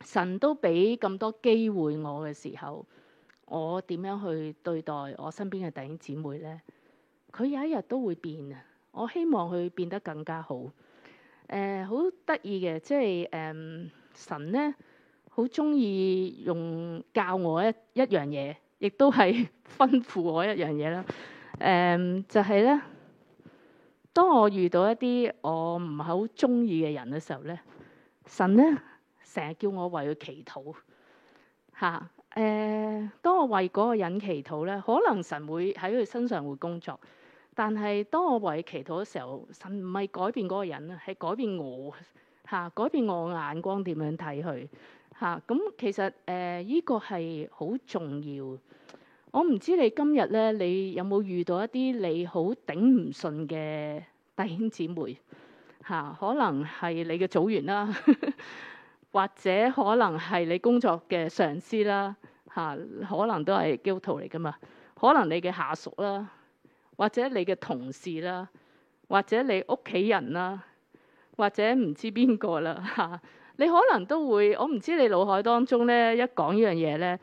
神都俾咁多機會我嘅時候，我點樣去對待我身邊嘅弟兄姊妹咧？佢有一日都會變啊！我希望佢變得更加好誒，好得意嘅，即係誒、嗯、神咧。好中意用教我一一樣嘢，亦都係吩咐我一樣嘢啦。誒、嗯，就係、是、咧，當我遇到一啲我唔係好中意嘅人嘅時候咧，神咧成日叫我為佢祈禱嚇。誒、啊啊，當我為嗰個人祈禱咧，可能神會喺佢身上會工作，但係當我為佢祈禱嘅時候，神唔係改變嗰個人啊，係改變我嚇、啊，改變我眼光點樣睇佢。嚇！咁、啊嗯、其實誒，依、呃這個係好重要。我唔知你今日咧，你有冇遇到一啲你好頂唔順嘅弟兄姊妹？嚇、啊，可能係你嘅組員啦， 或者可能係你工作嘅上司啦，嚇、啊，可能都係基督徒嚟㗎嘛。可能你嘅下屬啦，或者你嘅同事啦，或者你屋企人啦，或者唔知邊個啦，嚇、啊。你可能都會，我唔知你腦海當中咧一講呢樣嘢咧，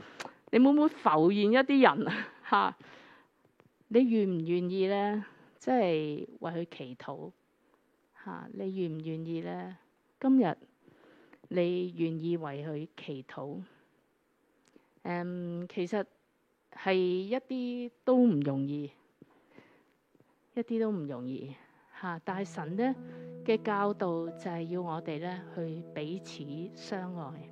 你會唔會浮現一啲人嚇？ 你願唔願意咧？即係為佢祈禱嚇？ 你願唔願意咧？今日你願意為佢祈禱？誒、嗯，其實係一啲都唔容易，一啲都唔容易。啊！但係神咧嘅教導就係要我哋咧去彼此相愛，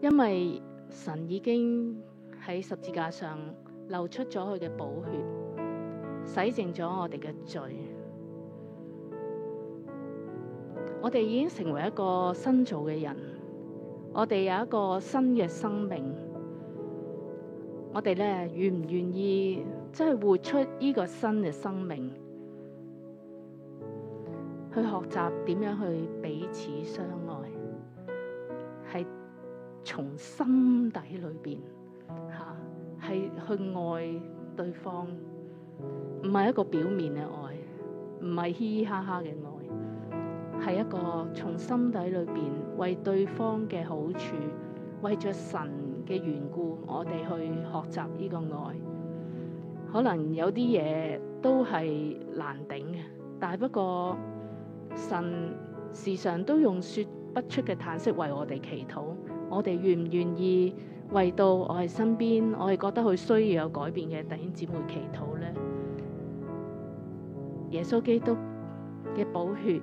因為神已經喺十字架上流出咗佢嘅寶血，洗淨咗我哋嘅罪。我哋已經成為一個新造嘅人，我哋有一個新嘅生命我。我哋咧願唔願意？即係活出呢個新嘅生命，去學習點樣去彼此相愛，係從心底裏邊吓，係去愛對方，唔係一個表面嘅愛，唔係嘻嘻哈哈嘅愛，係一個從心底裏邊為對方嘅好處，為着神嘅緣故，我哋去學習呢個愛。可能有啲嘢都係難頂嘅，但係不過神時常都用說不出嘅嘆息為我哋祈禱，我哋願唔願意為到我哋身邊我哋覺得佢需要有改變嘅弟兄姊妹祈禱咧？耶穌基督嘅寶血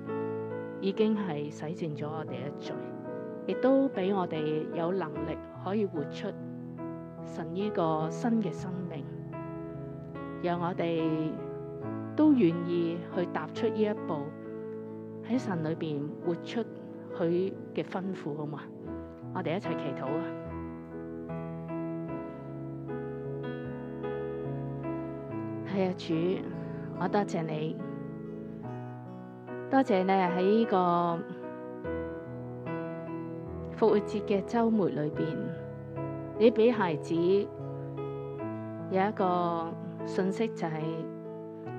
已經係洗淨咗我哋嘅罪，亦都俾我哋有能力可以活出神呢個新嘅生命。讓我哋都願意去踏出呢一步，喺神裏邊活出佢嘅吩咐，好嘛？我哋一齊祈禱啊！係啊，主，我多謝你，多謝你喺呢個復活節嘅周末裏邊，你俾孩子有一個。信息就係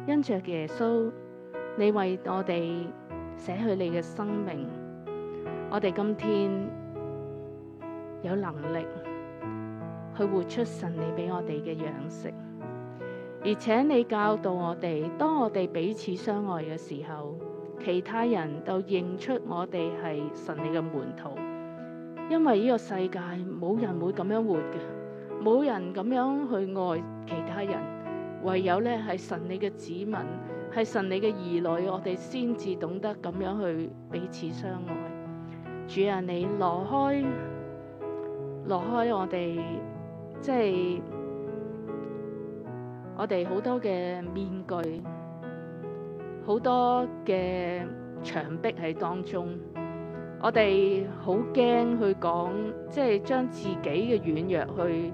因着耶穌，你為我哋捨去你嘅生命，我哋今天有能力去活出神你俾我哋嘅樣式，而且你教導我哋，當我哋彼此相愛嘅時候，其他人都認出我哋係神你嘅門徒，因為呢個世界冇人會咁樣活嘅，冇人咁樣去愛其他人。唯有咧係神你嘅子民，係神你嘅兒女，我哋先至懂得咁樣去彼此相愛。主人，你挪開挪開我哋，即係我哋好多嘅面具，好多嘅牆壁喺當中，我哋好驚去講，即係將自己嘅軟弱去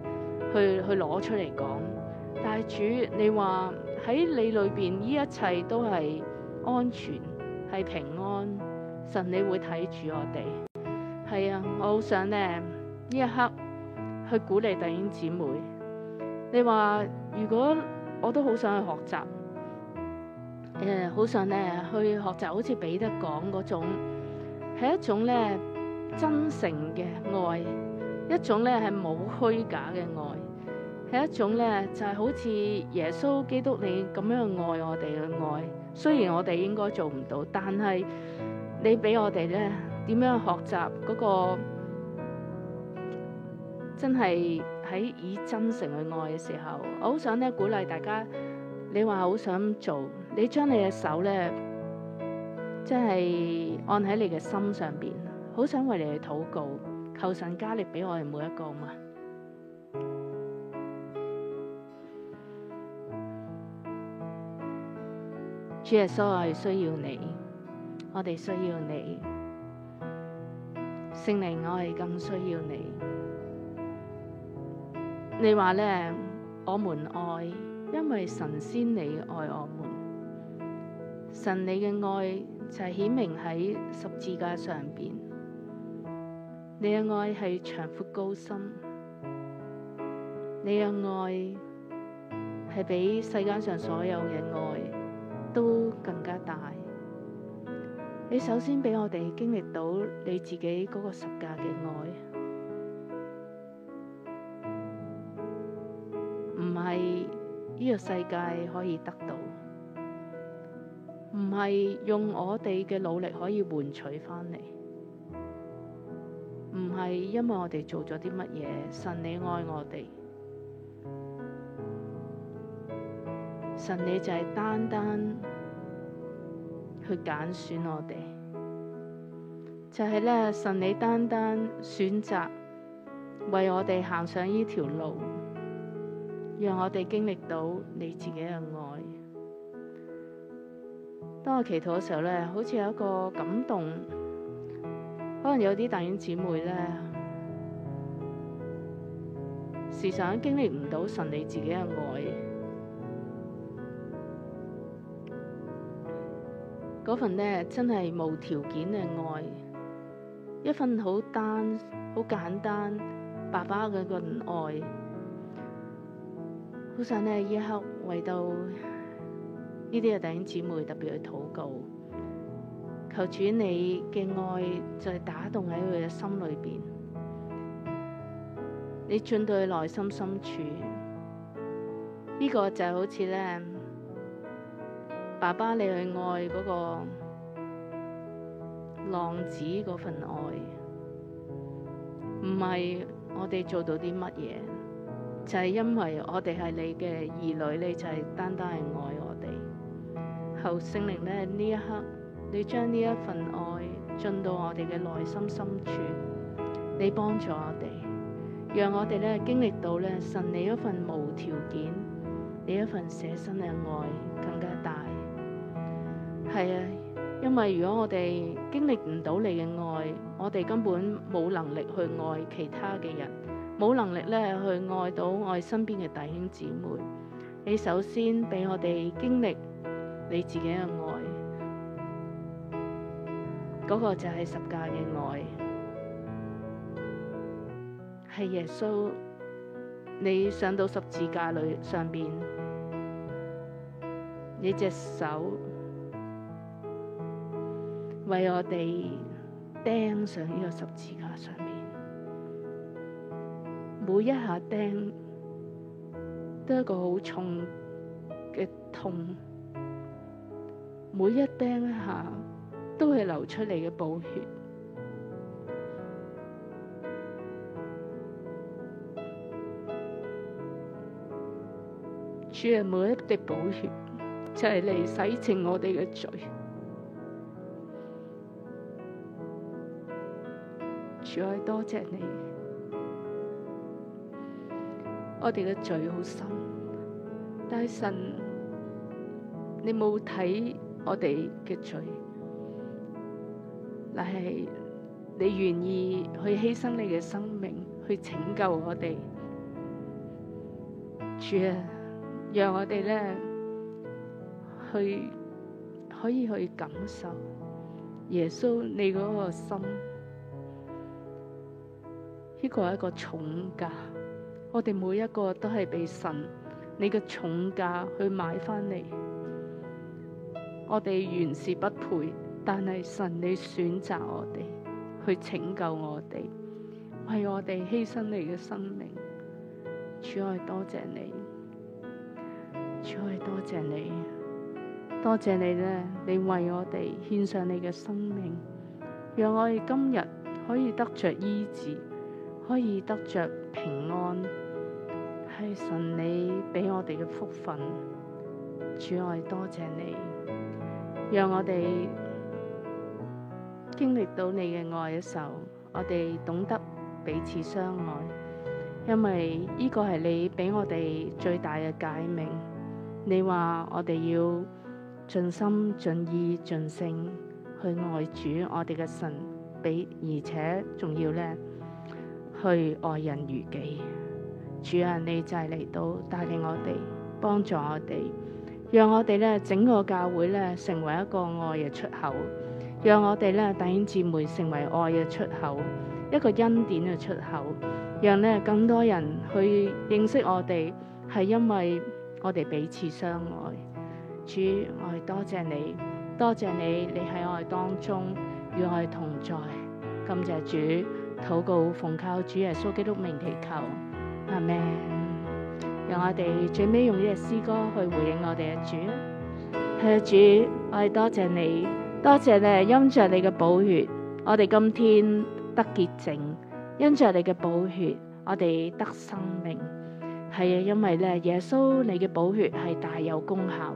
去去攞出嚟講。大主，你話喺你裏邊呢一切都係安全，係平安。神你會睇住我哋。係啊，我好想咧呢一刻去鼓勵弟兄姊妹。你話如果我都好想去學習，誒、呃，好想咧去學習好似彼得講嗰種，係一種咧真誠嘅愛，一種咧係冇虛假嘅愛。係一種咧，就係好似耶穌基督你咁樣愛我哋嘅愛。雖然我哋應該做唔到，但係你俾我哋咧點樣學習嗰個真係喺以真誠去愛嘅時候，我好想咧鼓勵大家。你話好想做，你將你嘅手咧，真係按喺你嘅心上邊，好想為你去禱告，求神加力俾我哋每一個啊嘛！主耶穌，Jesus，我係需要你，我哋需要你，聖靈，我係更需要你。你話咧，我們愛，因為神先你愛我們。神你嘅愛就顯明喺十字架上邊。你嘅愛係長闊高深。你嘅愛係比世界上所有嘅愛都更加大。你首先俾我哋經歷到你自己嗰個十架嘅愛，唔係呢個世界可以得到，唔係用我哋嘅努力可以換取翻嚟，唔係因為我哋做咗啲乜嘢，神你愛我哋。神你就係單單去揀選我哋，就係、是、咧神你單單選擇為我哋行上呢條路，讓我哋經歷到你自己嘅愛。當我祈禱嘅時候咧，好似有一個感動，可能有啲弟兄姊妹咧，事實上經歷唔到神你自己嘅愛。嗰份咧真係無條件嘅愛，一份好單好簡單爸爸嘅個愛，好想呢呢一刻為到呢啲嘅弟兄姊妹特別去禱告，求主你嘅愛在打動喺佢嘅心裏邊，你進到佢內心深處，呢、這個就好似咧。爸爸，你去愛個浪子份愛，唔係我哋做到啲乜嘢，就係、是、因為我哋係你嘅兒女，你就係單單係愛我哋。後聖靈咧呢一刻，你將呢一份愛進到我哋嘅內心深處，你幫助我哋，讓我哋咧經歷到咧神你一份無條件，你一份捨身嘅愛，更加。係啊，因為如果我哋經歷唔到你嘅愛，我哋根本冇能力去愛其他嘅人，冇能力咧去愛到我哋身邊嘅弟兄姊妹。你首先俾我哋經歷你自己嘅愛，嗰個就係十架嘅愛，係耶穌，你上到十字架裏上邊，你隻手。為我哋釘上呢個十字架上面，每一下釘都係一個好重嘅痛，每一釘下都係流出嚟嘅寶血。主啊，每一滴寶血就係嚟洗淨我哋嘅罪。主，我多謝你，我哋嘅罪好深，但係神，你冇睇我哋嘅罪，但係你願意去犧牲你嘅生命去拯救我哋，主啊，讓我哋咧去可以去感受耶穌你嗰個心。呢個係一個重價，我哋每一個都係被神你嘅重價去買翻嚟。我哋原是不配，但係神你選擇我哋去拯救我哋，為我哋犧牲你嘅生命。主愛，多謝你，主愛，多謝你，多謝你呢！你為我哋獻上你嘅生命，讓我哋今日可以得着醫治。可以得着平安，係神你俾我哋嘅福分。主愛多謝你，讓我哋經歷到你嘅愛嘅時候，我哋懂得彼此相愛，因為呢個係你俾我哋最大嘅誡命。你話我哋要盡心、盡意、盡性去愛主我們的，我哋嘅神比而且重要呢。去愛人如己，主啊，你就係嚟到帶領我哋，幫助我哋，讓我哋咧整個教會咧成為一個愛嘅出口，讓我哋咧弟兄姊妹成為愛嘅出口，一個恩典嘅出口，讓咧更多人去認識我哋，係因為我哋彼此相愛。主，我多謝你，多謝你，你喺我哋當中與我哋同在，感謝主。禱告，奉靠主耶穌基督名祈求，阿門。讓我哋最尾用呢隻詩歌去回應我哋嘅主。係主，我哋多謝你，多謝你，因着你嘅寶血，我哋今天得潔淨；因着你嘅寶血，我哋得生命。係啊，因為咧，耶穌你嘅寶血係大有功效，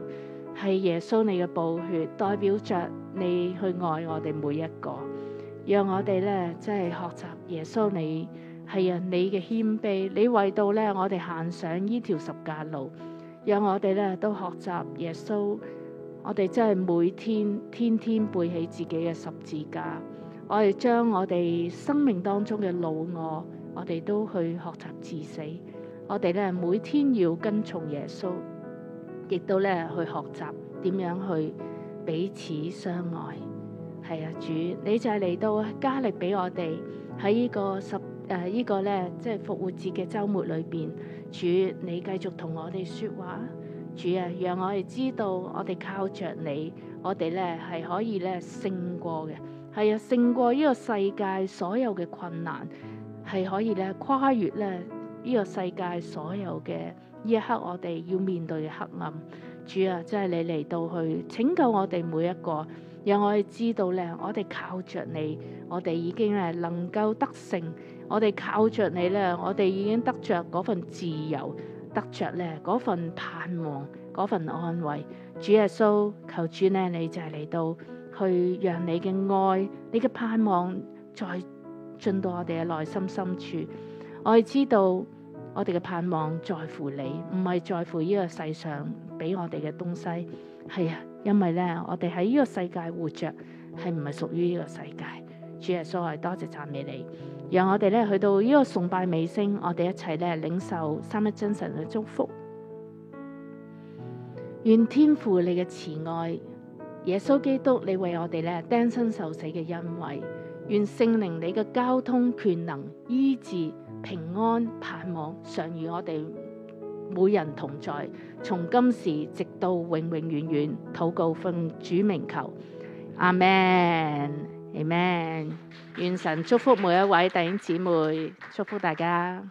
係耶穌你嘅寶血代表着你去愛我哋每一個。讓我哋咧，即係學習耶穌你，人你係啊，你嘅謙卑，你為到咧，我哋行上呢條十架路，讓我哋咧都學習耶穌，我哋真係每天天天背起自己嘅十字架，我哋將我哋生命當中嘅老我，我哋都去學習自死，我哋咧每天要跟從耶穌，亦都咧去學習點樣去彼此相愛。係啊，主，你就係嚟到加力俾我哋喺呢個十誒、呃這個、呢個咧，即係復活節嘅周末裏邊，主你繼續同我哋說話，主啊，讓我哋知道我哋靠着你，我哋咧係可以咧勝過嘅，係啊勝過呢個世界所有嘅困難，係可以咧跨越咧呢、這個世界所有嘅呢一刻我哋要面對嘅黑暗，主啊，即係你嚟到去拯救我哋每一個。讓我哋知道咧，我哋靠着你，我哋已經咧能夠得勝；我哋靠着你咧，我哋已經得着嗰份自由，得着咧嗰份盼望，嗰份安慰。主耶穌，求主咧，你就嚟到去，讓你嘅愛，你嘅盼望再進到我哋嘅內心深處。我哋知道，我哋嘅盼望在乎你，唔係在乎呢個世上俾我哋嘅東西。係啊。因為咧，我哋喺呢個世界活着係唔係屬於呢個世界，主耶穌啊，多謝讚美你，讓我哋咧去到呢個崇拜尾聲，我哋一齊咧領受三一真神嘅祝福。願天父你嘅慈愛，耶穌基督你為我哋咧釘身受死嘅恩惠，願聖靈你嘅交通權能、醫治、平安、盼望，常與我哋。每人同在，從今時直到永永遠遠，禱告奉主名求，阿們，阿們，願神祝福每一位弟兄姊妹，祝福大家。